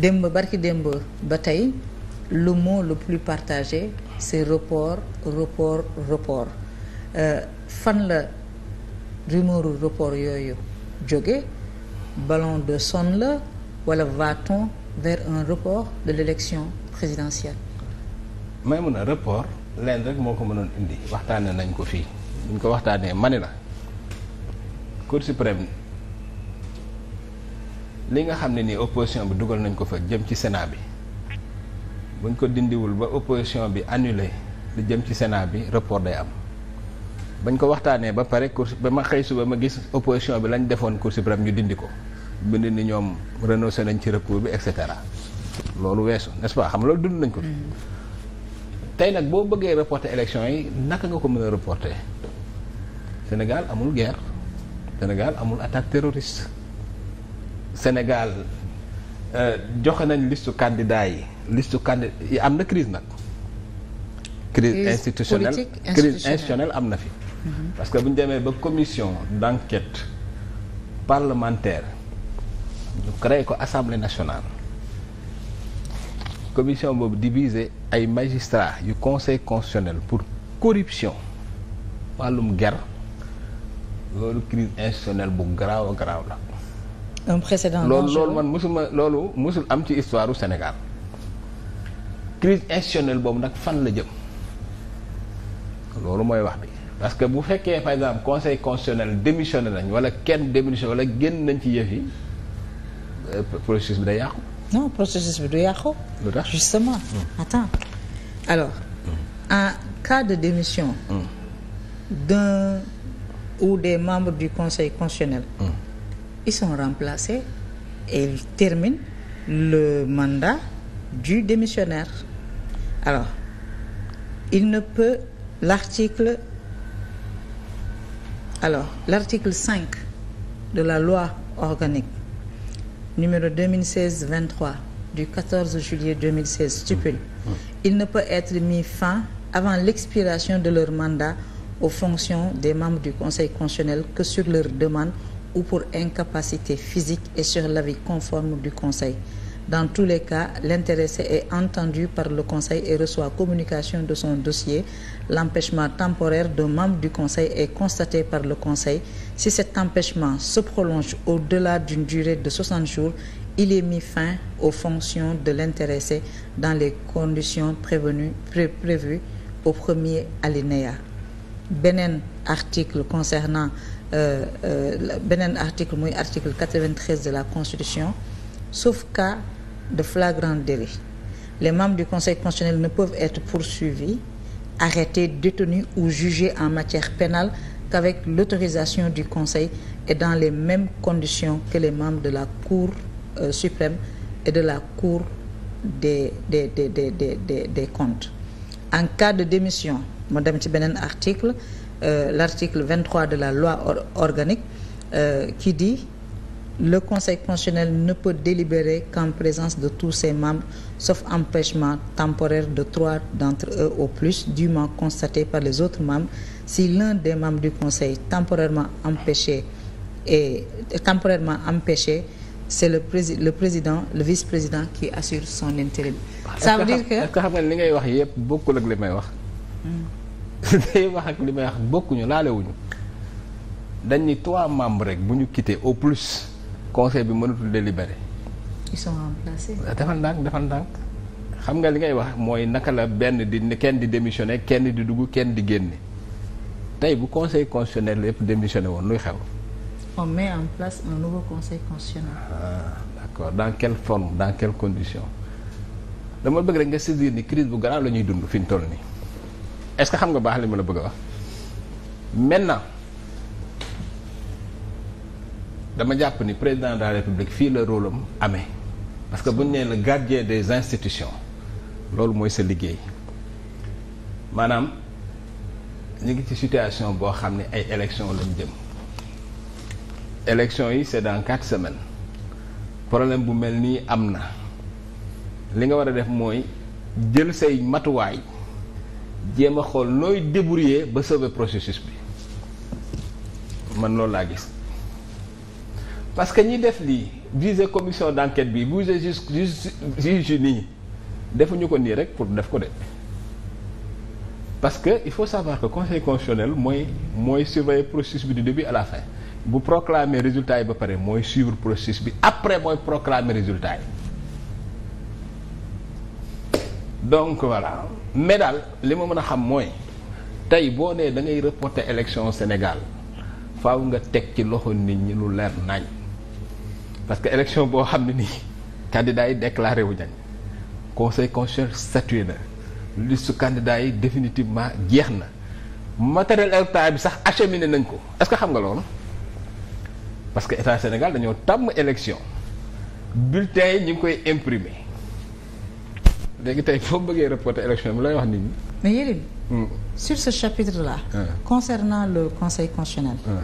démb barki démb ba tey le mot le plus partagé c'est report report report euh, fan la rumeuru report yooyu jóge ballon de sonne la wala va-t-on vers un report de l'élection présidentielle may mun a report leen rek moo ko mënoon indi waxtaane nañ ko fii ñu ko waxtaanee mani la Cour suprême li nga xam ne nii opposition bi dugal nañ ko fa jëm ci senaa bi buñ ko dindiwul ba opposition bi annulé lu jëm ci Sénat bi report day am bañ ko waxtaanee ba pare cour ba ma xëy suba ma gis opposition bi lañ defoon cour suprême ñu dindi ko bind ni ñoom renoncé nañ ci recours bi et cetera loolu weesu n'est-ce pas xam loolu dund nañ ko. tey nag boo bëggee reporter élection yi naka nga ko mën a Sénégal amul guerre Sénégal amul attaque terroriste. Sénégal euh, joxe nañ listu candidats yi listu candidat yi am na crise nag crise institutionnelle crise institutionnelle am na fi mhm. parce que bu ñu demee ba commission d'enquête parlementaire ñu créé ko assemblée nationale commission boobu divisé ay magistrats yu conseil constitutionnel pour corruption wàllum ger loolu crise institutionnelle bu garaaw a garaaw la un précédent loolu loolu man mosuma loolu mosul am ci histoire u Sénégal crise institutionnelle boobu nag fan la jëm loolu mooy wax bi parce que bu fekkee par exemple conseil constitutionnel démissionné nañ wala kenn démissionné wala génn nañ ci yëf yi euh, processus bi day yàqu. non processus bi du yàqu. lu tax justement. attends alors. en cas de démission. d'un ou des membre du conseil constitutionnel. ils sont remplacés et ils terminent le mandat du démissionnaire alors il ne peut l'article alors de la loi organique numéro 2016-23 du 14 juillet 2016 stipule mmh. Mmh. il ne peut être mis fin avant l'expiration de leur mandat aux fonctions des membres du Conseil constitutionnel que sur leur demande ou pour incapacité physique et sur l'avis conforme du Conseil. Dans tous les cas, l'intéressé est entendu par le Conseil et reçoit communication de son dossier. L'empêchement temporaire d'un membre du Conseil est constaté par le Conseil. Si cet empêchement se prolonge au-delà d'une durée de 60 jours, il est mis fin aux fonctions de l'intéressé dans les conditions prévenues, pré prévues au premier alinéa. article concernant euh, euh, beneen article muy article 93 de la Constitution sauf cas de flagrant délit les membres du Conseil constitutionnel ne peuvent être poursuivis arrêtés détenus ou jugés en matière pénale qu'avec l'autorisation du Conseil et dans les mêmes conditions que les membres de la Cour euh, suprême et de la Cour des des des des des des, des comptes en cas de démission mu dem ci beneen article euh, l'article 23 de la loi organique euh, qui dit le Conseil constitutionnel ne peut délibérer qu'en présence de tous ses membres, sauf empêchement temporaire de trois d'entre eux au plus, dûment constaté par les autres membres, si l'un des membres du Conseil temporairement empêché est temporairement empêché, c'est le, pré le président, le vice-président qui assure son intérim. Ça veut dire que. li ngay wax yëpp bokkul ak li may wax. Hmm. day wax ak li may wax bokkuñu laalewuñu dañ ni trois membre rek bu ñu quitté au plus conseil bi mënatul délibéré. ils sont remplacés. defal ndànk defal ndànk xam nga li ngay wax mooy naka la benn di kenn di démissionné kenn di dugg kenn di génne tey bu conseil constitutionnel yëpp démissionné woon luy xew. on met en place un nouveau conseil constitutionnel. Ah, dans quelle forme dans quelles conditions dama bëgg rek nga saisir ni crise bu garaaw la ñuy dund fi ñu toll nii. est-ce que xam nga baax li mën a bëgg a wax maintenant dama jàpp ni président de la république fii la rôle am amee parce que bu nee la gardien des institutions loolu mooy sa liggéey maanaam ñu ngi ci situation boo xam ne ay élections lañ jëm élections yi c'est dans quatre semaine problème bu mel nii am na li nga war a def mooy jël say matuwaay. jéem a xool looy déburier ba sauver processus bi man loolu laa gis parce que ñi def lii visé commission d'enquête bi visé juge juge nii ñu ko nii rek pour def ko de parce que il faut savoir que conseil constitutionnel mooy mooy surveiller processus bi du début à bu proclamer résultat yi ba pare mooy suivre processus bi après mooy proclamer résultat yi donc voilà mais li ma mën a xam mooy tey boo nee da ngay reporter élection Sénégal faw nga teg ci loxo nit ñi lu leer nañ parce que élection boo xam ne nii candidats yi déclaré wu nañ conseil constitutionnel statué na liste candidats yi définitivement jeex na matériel électoral bi sax acheminé nañ ko est que xam nga loolu parce que état Sénégal dañoo tàmm élection bulletins yi ñu ngi koy imprimer. léegi tey boo bëggee reporter élection bi lay wax nit ñi. mais Yérim. Hmm. sur ce chapitre là. Ah. concernant le conseil constitutionnel. Ah.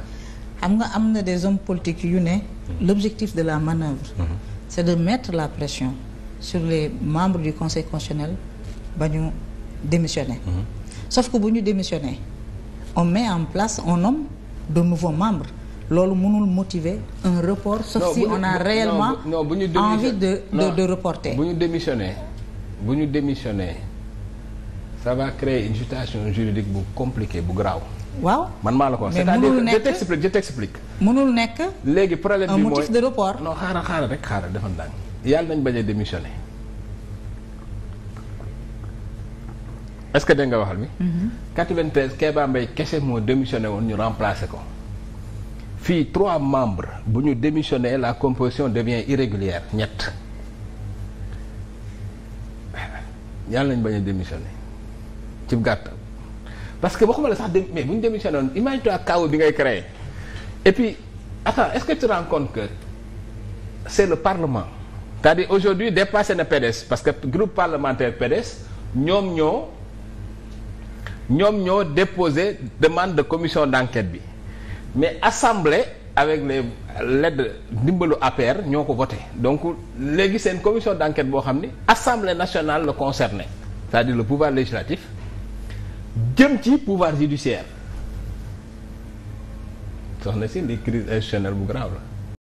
xam nga am na des hommes politiques yu ne. Hmm. l'objectif de la manœuvre. Hmm. c'est de mettre la pression sur les membres du conseil constitutionnel ba ñu démissionner. sauf que bu ñu démissionner on met en place un homme de nouveaux membres. loolu mënul motiver un report sauf si on a réellement envie de de de reporter. bu ñu démissionner. bu ñu démissionné sa va créer une situation juridique bu compliquée bu graaw. waaw man maa la ko wax. c'est-à-dire je nekk. léegi problème bi mooy un motif xaaral xaaral rek xaaral defal ndànk. yàlla nañ bañ a démissionné est-ce que dégg nga waxal bi. 93 mm-hmm. Kéba Mbaye kese moo démissionné woon ñu remplacé ko. fii trois membres bu ñu démissionné la composition devient irrégulière ñett. yàlla nañ bañ a démissionné ci gàttal parce que waxuma la sax mais bu ñu démissionné woon imagine-toi chaos bi ngay créé et puis attends est-ce que tu te rends que c'est le parlement c'est-à-dire aujourd'hui dépassé na PDS parce que groupe parlementaire PDS ñoom ñoo ñoom ñoo déposé demande de commission d'enquête bi mais assemblée avec les l'aide ndimbalu APR ñoo ko voté donc léegi seen commission d'enquête boo xam ni assemblée nationale la concernée cest dire le pouvoir législatif jëm ci pouvoir judiciaire soxna si li crise institutionnelle bu grave la